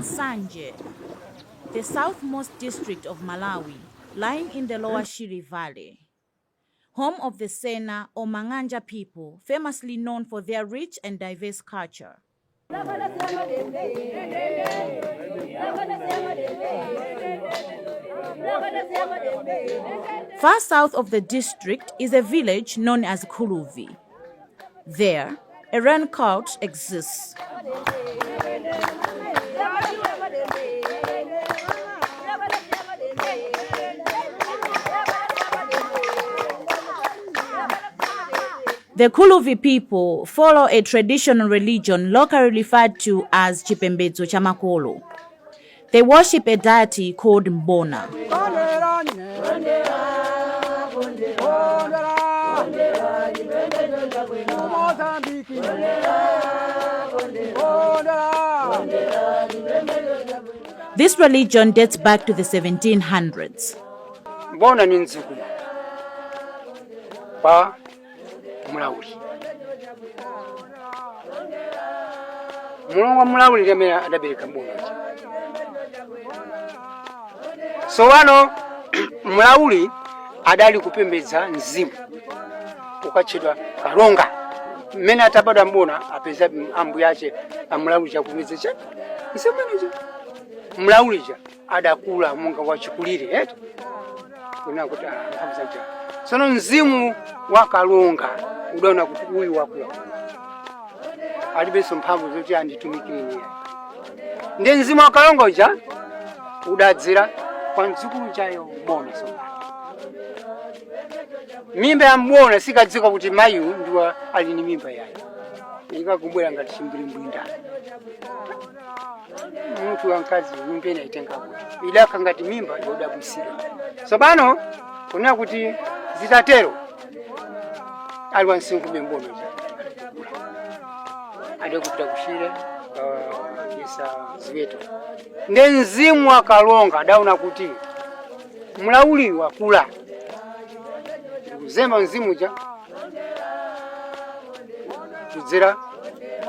Sanje, the southmost district of Malawi, lying in the lower Shiri Valley. Home of the Sena or Manganja people, famously known for their rich and diverse culture. Far south of the district is a village known as Kuluvi. There, a rain cult exists. The Kuluvi people follow a traditional religion locally referred to as Chipembezo Chamakolo. They worship a deity called Mbona. This religion dates back to the 1700s. Mbona means mulongo mulauli lemera adabereka bulungi so wano mlauli adali kupembedza mzimu ukatchedwa kalonga mmene atabadwa mbona apeza ambuye ace amulauli chakupembedza cha nsemeneja mulaulija adakula munga wachikulire eti eh? kunakuti ahamza njani sono mzimu wa kalunga udona kuti uyu wakuwa alibenso mphamvu zoti anditumikire iye ndi mzimu wa kalunga uja udadzira kwa mdzukulu chayo mona somana mimba yamubona sikadziwa kuti mayu ndiwa ali ni mimba yayo ikakubwera ngati chimbwimbwindana munthu wa mkazi umpena itenga kuti idakha ngati mimba yodabwisira tsopano kunena kuti zitatero ali wansinkhu mengome adakupita kuchire uh, isa ziweto ndi mzimu akalonga adaona kuti mlauli wakula ndikuzema mzimu cha kudzera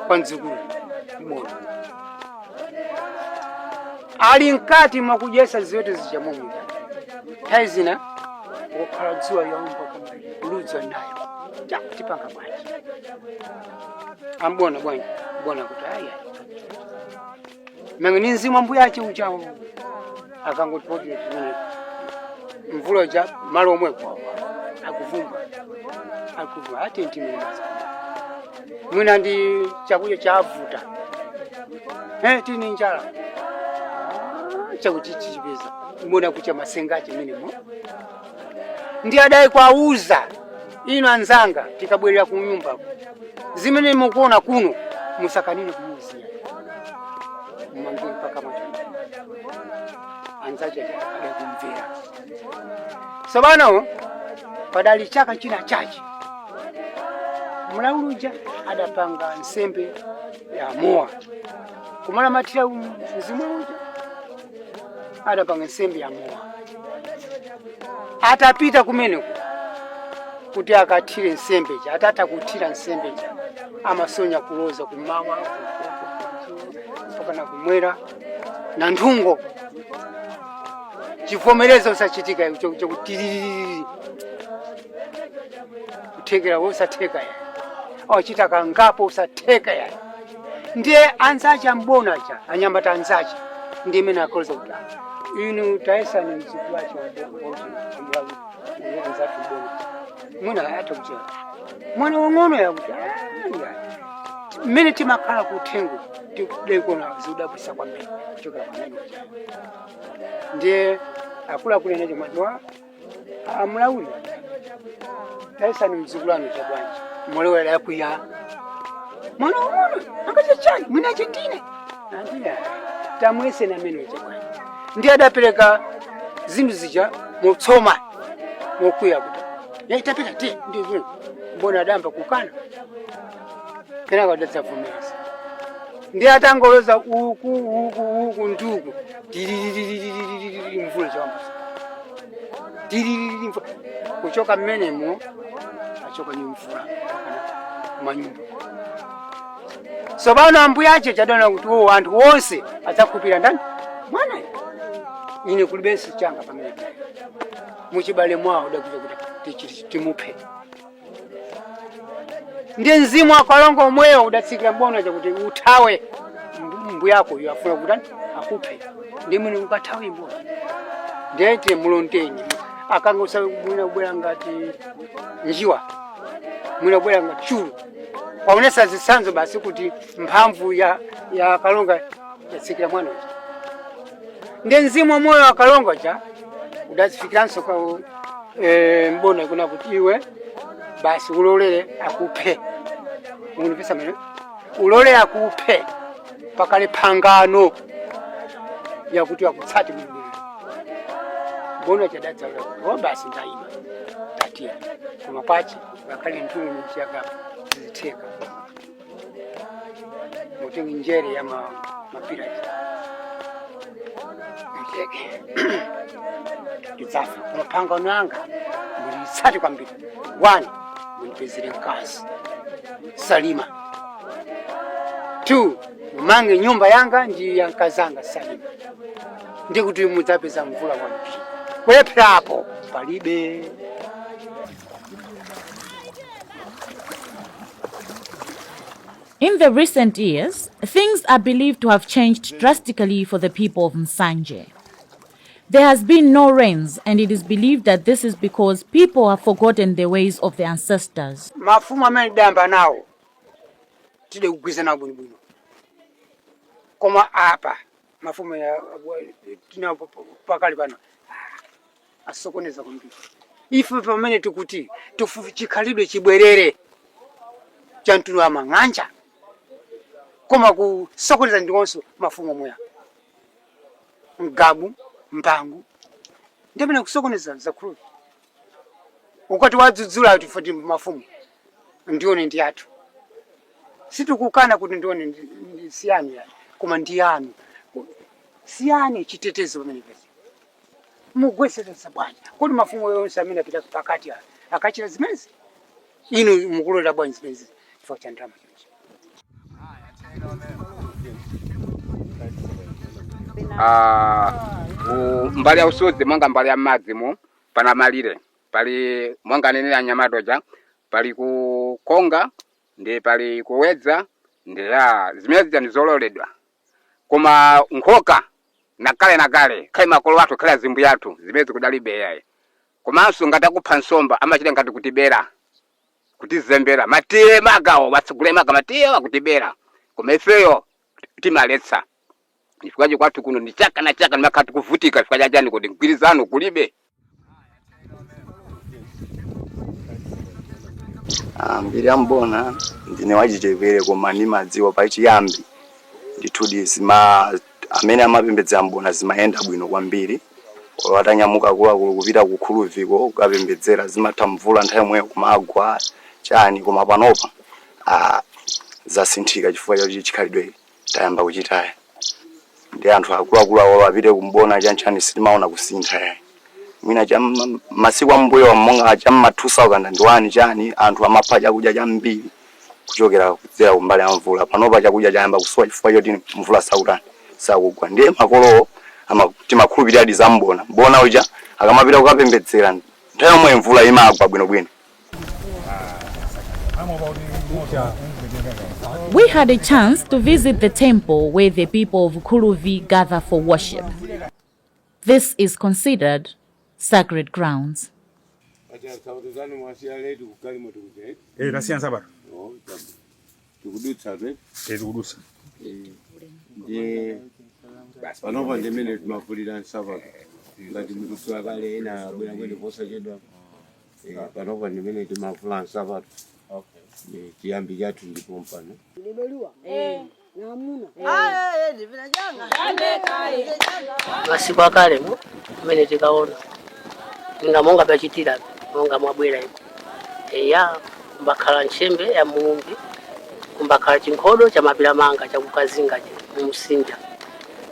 kwa mdzukulu mboni ali mkati mwakudyesa ziweto zija momwe nthawi zina dziwa yaumba kuluza nayo tipanga bwanje ambona bwanje bona kuti aya mange ninzimwa mbuyace ujawo akangoti poti mvula ja malo omwe kwawa akuvumba akuvumba ati ntimilimaza mwina ndi chakudya chavuta tini njala chakuchichichipiza imona kucha masengachi minimo ndi adai kwauza ino anzanga tikabwerera kunyumba zimene mukuona kuno musakanine kumuuzia mmangeni mpaka matanda anzacha adai kumvera padali chaka china chachi mlauluja adapanga nsembe ya moa kumala matira mzimu uja adapanga nsembe ya muwa atapita kumene kuti akathire nsembeja atata kuthira nsembeja amasonya kuloza kumawa mpaka na kumwera na nthungo chivomereza usachitika chokutiriri kuthekera wosatheka ya ochita kangapo usatheka ya ndiye anzacha ambonacha anyambata anzacha ndi imene akoloza kudala inu utaesa ni mziki wacho mwana hata kuchela mwana wang'ono ya kuchela mene timakhala kutengo tikudekona ziudabwisa kwambiri kuchokera kwamene ndiye akulakulena chimwadiwa amulauli taisa ni mzikulano cha bwanji molewera yakwiya mwana wang'ono angacha chani mwina chindine tamwese na mene cha bwanji ndiye adapereka zinthu zija mutsoma mokwiya kuti yaitapita ti ndivyo mbona adamba kukana kenako adadzavomesa ndiye atangoloza uku uku uku nduku dililililililili mvula zawamba dilililili kuchoka mmenemo achoka ni mvula manyumba so pano ambuyache chadana kuti oh, anthu onse adzakhuphira ndani mwana ine kuli bensi changa pamene muchibale mwawo dakuza kuti timupe ndi mzimu akalonga omweyo udatsikira mbona chakuti uthawe mbuyako yako afuna kuti akuphe ndi mwini ukathawe mbona ndiyete mulonteni akanga usamwina kubwera ngati njiwa mwina kubwera ngati chulu kwaonesa zisanzo basi kuti mphamvu ya, ya kalonga yatsikira mwanayo ngenzimwa moyo wakalongoca udazifikiranso kwa e, eh, mbona kuna kuti iwe basi ulolele akuphe unipesa mene ulolele akuphe pakale phangano yakuti wakutsati mulungu mbona chadadzaula ulo oh, basi ndaima tatia koma pachi vakali ntulu nichiyagapa ziteka muti njere ya mapirati ma Kizafu kunopanga onanga kwambiri one munipezere mkazi Salima two mange nyumba yanga ndi ya mkazanga Salima ndi kuti mudzapeza mvula kwambiri kwepherapo palibe In the recent years, things are believed to have changed drastically for the people of Msanje. There has been no rains and it is believed that this is because people have forgotten the ways of their ancestors. mafuma amene tidayamba nawo tide kugwirizana bwinobwino koma apa asokoneza ife pamene tikuti mang'anja koma kusokoneza mafumu mgabu mpangu ndimene kusokoneza zakulu ukati wadzudzula ati foti mafumu ndione ndi athu sitikukana kuti ndione siyani ya koma ndi yanu siyani chitetezo pamene pasi mugwesereza bwanji kodi mafumu yonse amene apita pakati akachita zimenezi inu mukulola bwanji zimenezi chifukwa cha ndalama Ah. Uh, mbali ya usuzi mwanga mbali ya pana panamalire pali mwanga nene ya nyamadoja pali kukonga ndi pali kuwedza ndiya zimezica kuma zololedwa koma nkhoka na kale khali makolo athu khali azimbu yathu zimezi kudalibe yaye komanso ngati akupha nsomba amachita ngati kutibera kutizembera matiye magawo watsugule maga matiye wakutibera kuma ifeyo timaletsa ifikaje kwatu kuno ni chaka na chaka nimaka tukuvutika ifikaje ajani kodi ngwirizano kulibe ambiri ah, ambona ndine wachitevere koma ni madziwa pachiyambi ndithudi zima amene amapembedzera mbona zimayenda bwino kwambiri atanyamuka kulakulu kupita kukhuluviko kukapembedzera zimatha mvula nthawi imweyo kumagwa chani koma panopa ah, zasinthika chifukwa chakuti chikhalidwe tayamba kuchitaya ndi anthu akuluakulu awo apite kumbona chantchani sitimaona kusintha yayi mwina cha masiku ambuyo monga cha ma 2001 chani anthu amapha chakudya chambiri kuchokera kudzera kumbali ya mvula panopa chakudya chayamba kusowa chifukwa choti mvula sakutani sakugwa ndiye makolo timakhulupirira adi zambona mbona uja akamapita kukapembedzera nthawi yomwe mvula imagwa bwinobwino ah, We had a chance to visit the temple where the people of Kuruvi gather for worship. This is considered sacred grounds. Eh, Kiambi jatu ndipo mpano. Nimeliwa. Eh. eh. Namuna. Ah, eh, eh, eh ndivina janga. Ande kai. Basi kwa kale mu mene tikaona. Ninga monga pa Monga mwabwera ipo. Eya mbakhala nchembe ya muumbi kumbakhala chinkodo cha mapira manga chakukazinga mumsinja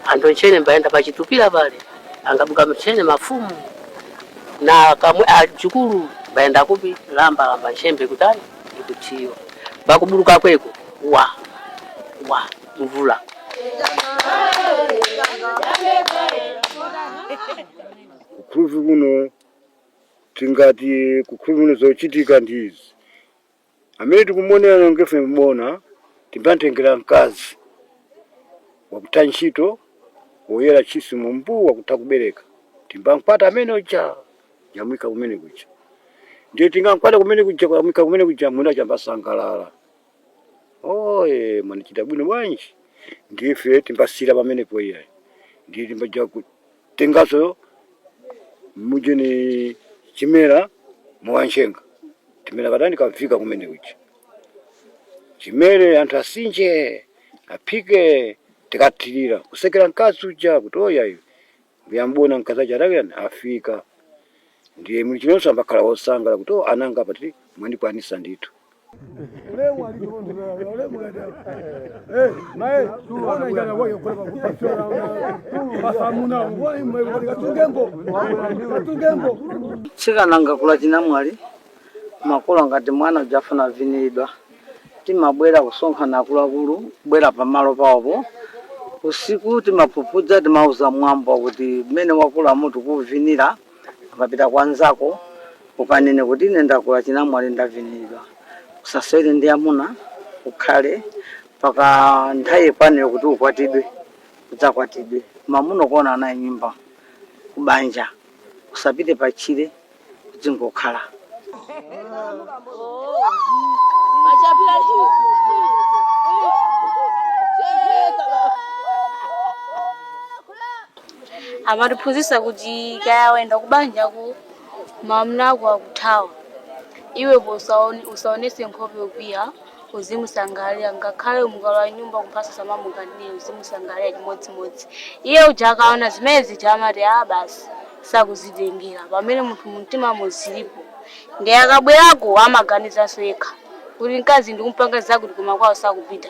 anthu nchene mbayenda pachitupira pale angabuka mchene mafumu na kamwe achukulu ah, mbayenda kupi lamba lamba nchembe kutani ekyo bakubulukako kweko wa wa nvula kukhuluvi kuno tingati kukhulupi kuno zochitika ndizi amene tikumonera ngefe mbona timbatengera mkazi wakutha ntchito woyera chisi mu mbuwa kutha kubereka timbamkwata amene ucha nyamwika kumene kucha nditinga tingankwata kumene kuja kwamika kumene kuja munda sangalala oye mwani chidabwino bwanji ndife timbasira pamenepo iyayi ndiye timbaja kutengaso muje ni chimera muwanjenga timera kadani kavika kumene kuja chimere anthu asinje aphike tikatirira kusekera mkazi uja kuti oya iwe mbuyambona mkazi aja adakuyani afika ndiye mulichilonsa ambakhala wosangala kuti ananga apa tili mwandikwanisa ndithu chikananga kula chinamwali makolo ngati mwana ujafuna vinidwa timabwera kusonkhana akuluakulu kubwera pamalo pawopo usiku timaphuphudza timauza mwambo kuti mmene wakulu muti kuvinira ukapita kwanzako ukanene kuti ine ndakula chinamwali ndavinidwa usaswere ndi amuna ukhale mpaka nthawi ikwanire kuti ukwatidwe udzakwatidwe mamuno kuona anayi nyumba kubanja usapite pachire kudzingokhala oh. amatiphunzitsa kuchiyika wenda kubanja ku mamnaku akuthawa. Iwepo usaonetse nkhope yokwiya, uzimusangalira ngakhale mukalowa nyumba kumphaso samamukanire uzimusangalira chimodzimodzi. Iye uja akaona zimene ja amati ah basi sakuzitengera pamene munthu mumtima muzilipo ndiye akabwerako amaganizanso yekha kuti mkazi ndikumpanga zakuti koma kwawo sakupita.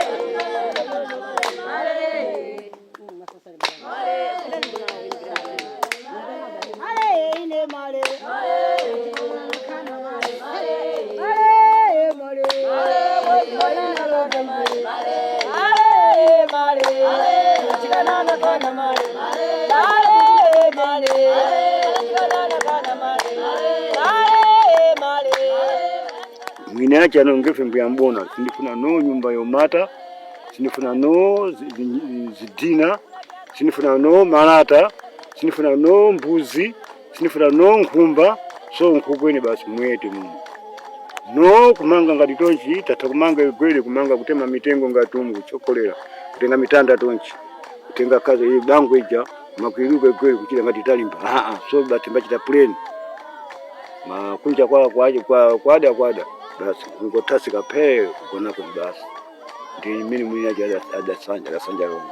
mare mwine yache anongefe mbuyambona sindifuna no nyumba yomata sindifuna no zidina sindifuna no malata sindifuna no mbuzi sinifuna nonkhumba so nkhugwene basi mwete muno no kumanga ngati tonchi tatha kumanga igwere kumanga kutema mitengo ngati ngatumu kuchokolera kutenga mitanda tonchi kutenga kaza iyi bango ija makuiruka igwere kuchira ngati talimba aa ah, ah, so basi mbachita plan makunja kwa kwa kwa kwada kwada basi ngotasika pele kugona kwa basi ndi mimi mwenye ajasanja ajasanja rongo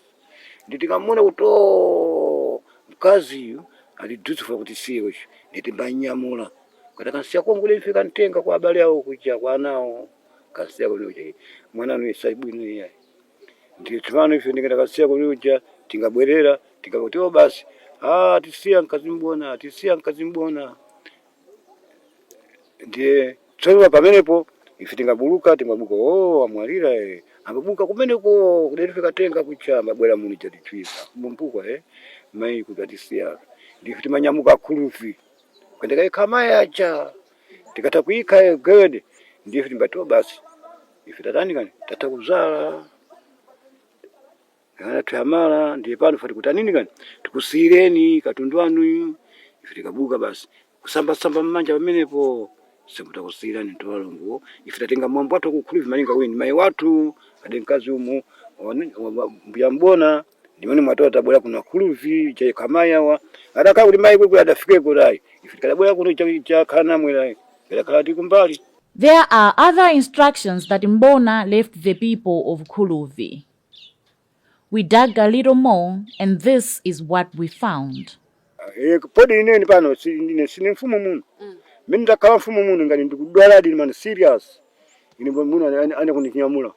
nditikamona kuto mkaziyu ali dutsufuna kuti oh, siyocho nditi mbanyamula kata kansiya kongo lifika ntenga kwa abale awo kucha kwa anawo kansiya kuli ucha mwana anu isaibwino iyayi ndi tumano ife ndikata kansiya kuli ucha tingabwerera tingakutewo oh, basi ah tisia tisiya nkazimbona tisiya nkazimbona ndiye tsolewa pamenepo ife tingabuluka tingabuka o oh, amwalira eh akabuka kumene ko kudati fikatenga kuchama bwera muni chatitwisa kumbumpuka eh mai kutatisiyana ndifuti manyamuka khulufi kwendeka ikhamayacha tikata kuika gede ndifuti timbatiwa basi tani kani tata tatakuzala kana tuyamala ndiye pano fati kutanini kani tukusireni katundu anu ife kabuka basi kusamba samba mmanja pamenepo simutakusira nitwala nguo ifitatenga mwambo watu kukuli vimalinga wini mai watu adenkazi umu mbona nimoni mwatoa tabora kuna kuluvi cha kamaya wa araka uli mai kwe adafike kurai ifika tabora kuno cha cha kana mwira bila kati kumbali There are other instructions that Mbona left the people of Kuluvi. We dug a little more and this is what we found. Eh, podi inene pano si ni mfumo muno. Mm mimi ndakala mfumo muno ngani ndikudwala dili man serious ini yaani muno ana kundinyamula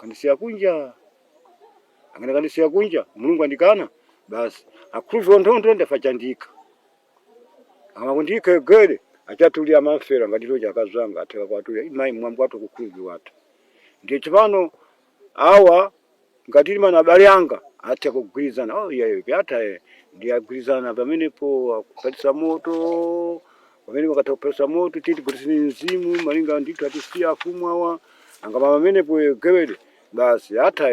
kandisia kunja angana kandisia kunja mulungu andikana basi akruvu ama ndafachandika amakundike gede achatulia mafera ngadilo chakazanga ateka kwatulia imai mwambo watu kukruvu watu ndiye chipano awa ngatili mana abali yanga ate kugwirizana oh, yayo pyata eh. ndiye agwirizana pamenepo akupatisa moto wamene wakatopesa moto titi kutisini nzimu malinga ndithu atisiya afumu awa angapama amenepo egewele basi atha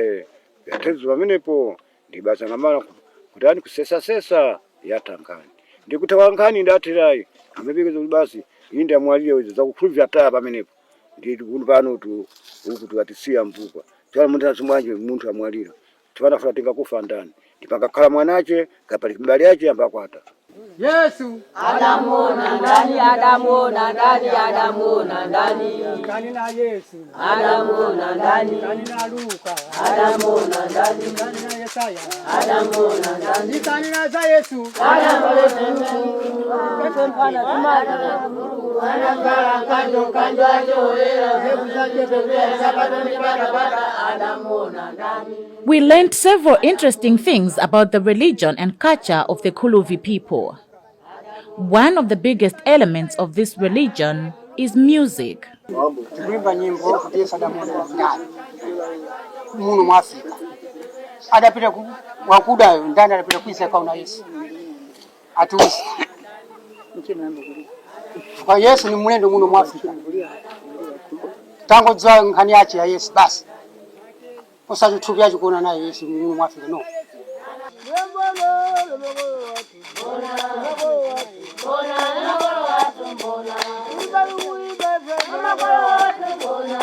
yathezu pamenepo ndi basi angamala kutani kusesasesa yatangani ndikuti wankani ndathirayi amepekeza kuti basi inde amwalire izo zakukhuluvya taya pamenepo nditi kuti pano tu uku tuwatisiya mpupa tiwana muntinasumwanje munthu amwalira tipanafuna tingakufa ndani ndipangakhala mwanace kapali mbali yace ambakwata Yesu anamuona ndani, anamuona ndani, anamuona ndani, ndani na Yesu anamuona ndani, ndani na Luka anamuona ndani, ndani na Yesaya anamuona ndani, ndani na za Yesu anakaa kando kando, ajoela hebu zake pembea sabato ni barabara, anamuona ndani We learned several interesting things about the religion and culture of the Kuluvi people. One of the biggest elements of this religion is music. Tunaimba nyimbo kutesa Mungu ndani. Adapita wakuda ndani adapita kuisa kwa Yesu. Atuisi. Kwa Yesu ni mwenendo Mungu mwafika. Tangu zwa nkaniache ya Yesu basi musanju thubi kuona naye Yesu mimi mwafika no Mbona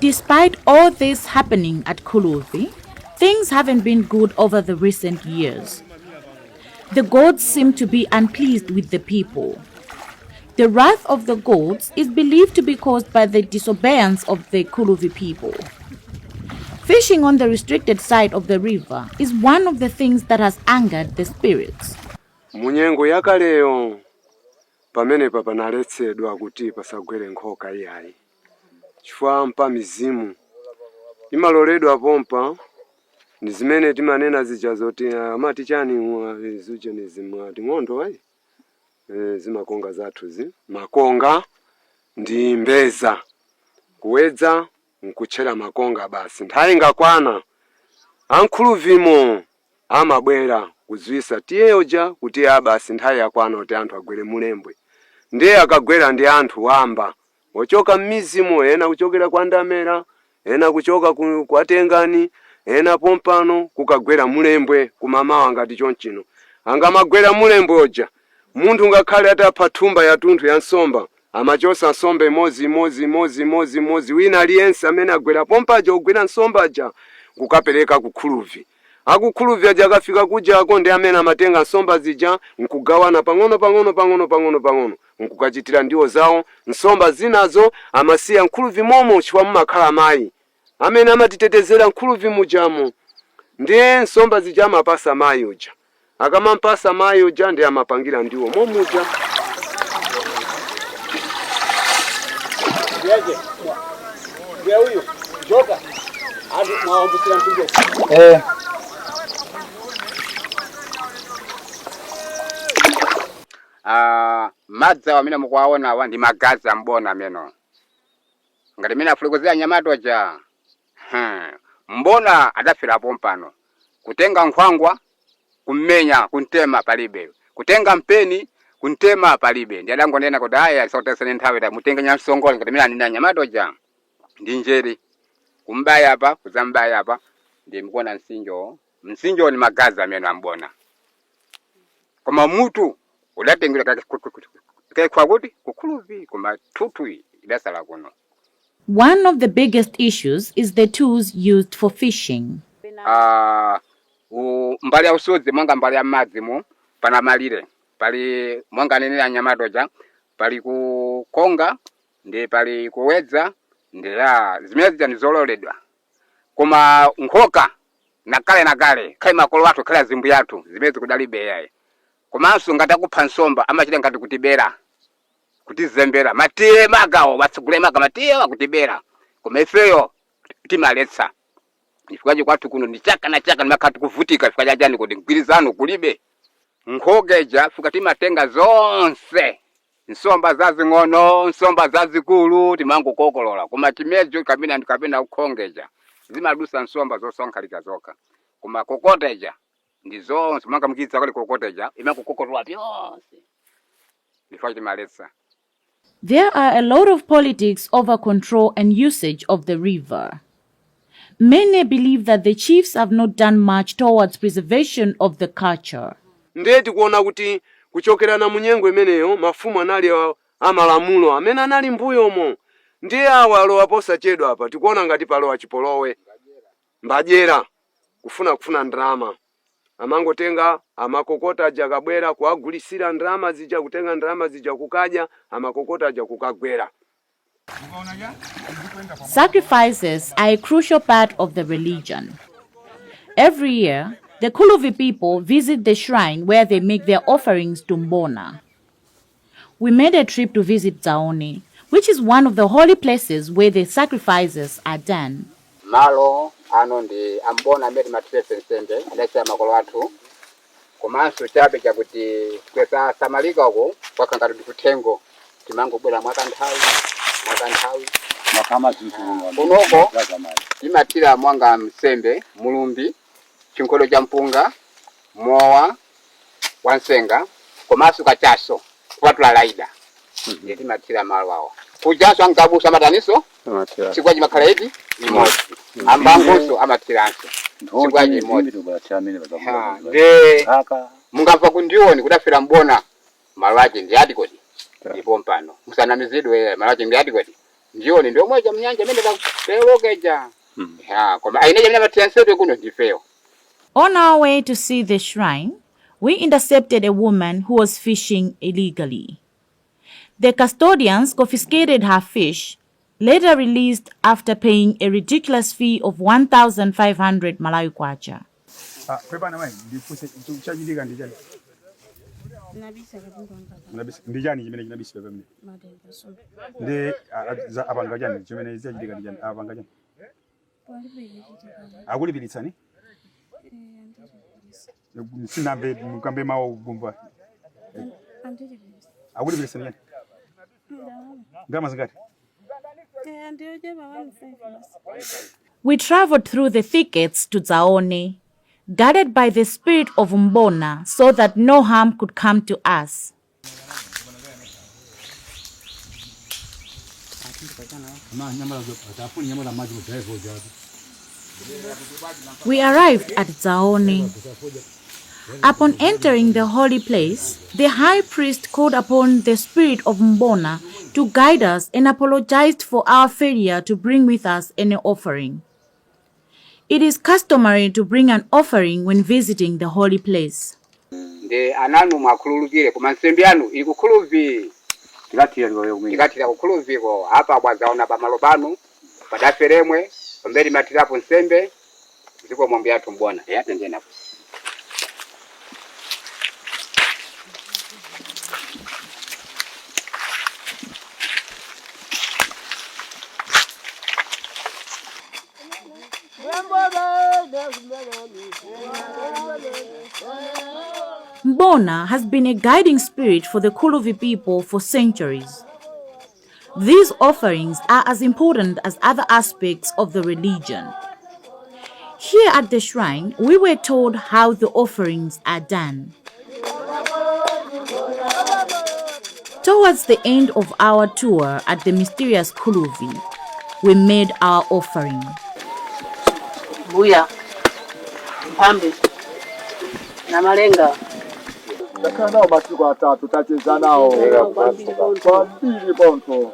Despite all this happening at Kuluthi, things haven't been good over the recent years. The gods seem to be unpleased with the people. The wrath of the gods is believed to be caused by the disobedience of the Kuluvi people. Fishing on the restricted side of the river is one of the things that has angered the spirits. munyengo yakaleyo pamenepa panaletsedwa kuti pasagwere nkhoka iyayi chifwampa mizimu imaloledwa pompa ni zimene timanena zija zoti ah, amati chani eh, zuchenezimwa ng'ondo ayi eh? e, eh, zimakonga zi makonga ndi mbeza kuwedza nkutchera makonga basi nthawi ngakwana ankhuluvimo amabwera kuziwisa tiyeyoja kuti abasi nthawi yakwana kuti anthu agwere mulembwe ndiye akagwera ndi anthu wamba ochoka mmizimu ena kuchokera kwa ndamera ena kuchoka ku, kwa tengani ena pompano kukagwera mulembwe kumamawa angati chonchino angamagwera mulembwe oja munthu ngakhale atapha thumba yatunthu ya nsomba amachosa nsomba imodzi imodzi imodzi imodzi imodzi wina aliyense amene agwera pompaja ogwera nsombaja kukapereka kukhuluvi akukhuluvi aja akafika kuja ako ndi amene amatenga nsomba zija nkugawana pang'ono pang'ono pang'ono pang'ono pang'ono nkukachitira ndiwo zawo nsomba zinazo amasiya mkhuluvi momwe chifukwa mumakhala mayi amene amatitetezera mkhuluvi mujamo ndiye nsomba zija amapasa mayi uja akamampasa mayi uja ndiye amapangira ndiwo momuja eh. Ah, madza wamene mukuwaona awa ndi magazi ambona ameno ngati mene afulukiza anyamato ja hmm. mbona adaferapo mpano kutenga nkhwangwa kummenya kuntema palibe kutenga mpeni kuntema palibe ndi adangonena kuti aya alisautesane nthawi ta mutenga nyamsongole ngati mene anena anyamato ja ndi njeri kumbaya apa kuzambaya apa ndi mkuona msinjo msinjo ni magazi amene ambona koma mutu ulapengela kakekwakuti kukhulupi kumathuthwi idasala kuno One of the biggest issues is the tools used for fishing. Ah, mbali ya usudzi mwanga mbali ya m'madzimo pana malire pali mwanga nenera anyamatoja pali kukonga ndi pali kuwedza ndi ya zimene zija koma nkhoka nakale nakale khayi makolo athu khala zimbu yathu zimene kudalibe yayi komanso ngati akupha nsomba amachita ngati kutibera kutizembera matiye magawo watsogolera maga matiye wakutibera koma ifeyo timaletsa ifikaje kwathu kuno ni chaka na chaka ndimakhala tikuvutika ifika chachani kuti mgwirizano kulibe nkhogeja fika timatenga zonse nsomba zazing'ono nsomba zazikulu timangokokolola koma chimejo kapena kapena kukhongeja zimadusa nsomba zosonkhalika zokha koma kokoteja ndizonse manga mukidza kali kukoteja imakukokotwa pyonse before chimaletsa There are a lot of politics over control and usage of the river. Many believe that the chiefs have not done much towards preservation of the culture. ndiye tikuona kuti kuchokerana na munyengo imeneyo mafumu anali amalamulo amene anali mbuyomo ndiye awa alowa posachedwa apa tikuona ngati palowa chipolowe mbajera kufuna kufuna ndrama amangotenga amakokota ajakabwera kuagulisira ndrama zija kutenga ndrama zija kukaja amakokota aja kukagwera Sacrifices are a crucial part of the religion. Every year, the Kuluvi people visit the shrine where they make their offerings to Mbona. We made a trip to visit Zaoni, which is one of the holy places where the sacrifices are done. Malo ano ndi ambona amene timatipesensende makolo athu komanso chabe chakuti kwesasamalika uko kwakanga kuti kuthengo timangobwera mwakanthawi mwakanthawi unoko timathira mwanga msembe mulumbi chinkhodo cha mpunga mowa wansenga komanso kachaso kupatula laida mhm. ndiye timathira malo awo kujaso angabusa mataniso Kigwaji makara hivi ni mm. moja mm. amba ngoso mm. ama kiranso kigwaji mungava kundioni kudafira mbona malaje ndi atikoti ndipo mpano musanamizidwe eh, malaje ndi atikoti ndioni ndio mweja mnyanja mene kapelokeja ha koma aineja mene patiyansedwe kuno ndifeo On our way to see the shrine, we intercepted a woman who was fishing illegally. The custodians confiscated her fish later released after paying a ridiculous fee of 1500 Malawi kwacha. akulipiritsani ah, ee, sinambe mukambe mawo We traveled through the thickets to Zaone, guarded by the spirit of Mbona so that no harm could come to us. We arrived at Zaone. Upon entering the holy place, the high priest called upon the spirit of Mbona to guide us and apologized for our failure to bring with us any offering. It is customary to bring an offering when visiting the holy place. nde ananu mwakhululukire koma nsembe yanu ikukhuluvi tikatira kukhuluviko apa bwazaona pamalo panu padaferemwe pamberi matirapo nsembe ziko mwambi yathu mbona yatendenapo Shona has been a guiding spirit for the Kuluvi people for centuries. These offerings are as important as other aspects of the religion. Here at the shrine, we were told how the offerings are done. Towards the end of our tour at the mysterious Kuluvi, we made our offering. Buya, Pambi, Namalenga. tutakaa nao basi kwa watatu, nao kwa mbili bonto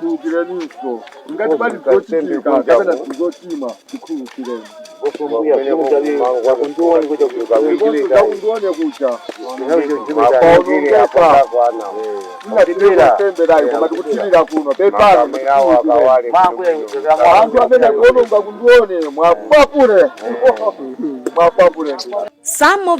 kikukire niso ngati pali amene eh. kuononga kundione mwapapule eh. samo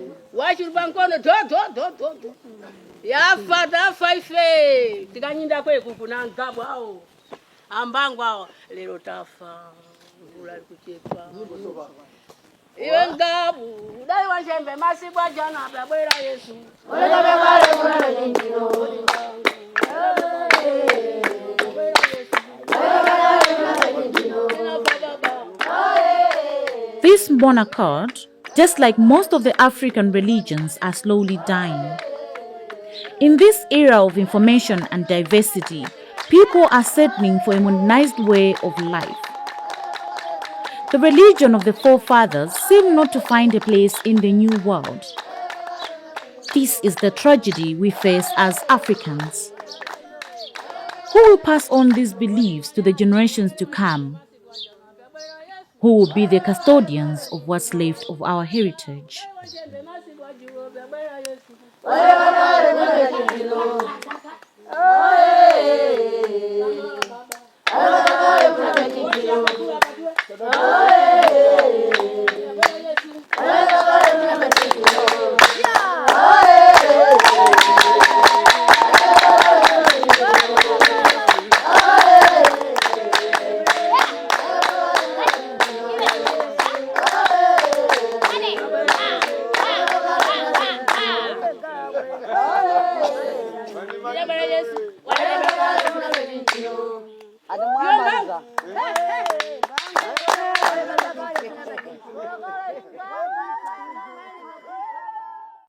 wachilupa nkono dhodhodhodhodho yafa tafa ife tikanyinda kwekuku na ngabu hao ambangu hao lero tafa mvula likuchepa iwe ngabu dai wanjembe masibwa jana babwera yesu This Bonacord just like most of the African religions are slowly dying. In this era of information and diversity, people are settling for a modernized way of life. The religion of the forefathers seem not to find a place in the new world. This is the tragedy we face as Africans. Who will pass on these beliefs to the generations to come? who will be the custodians of what's left of our heritage.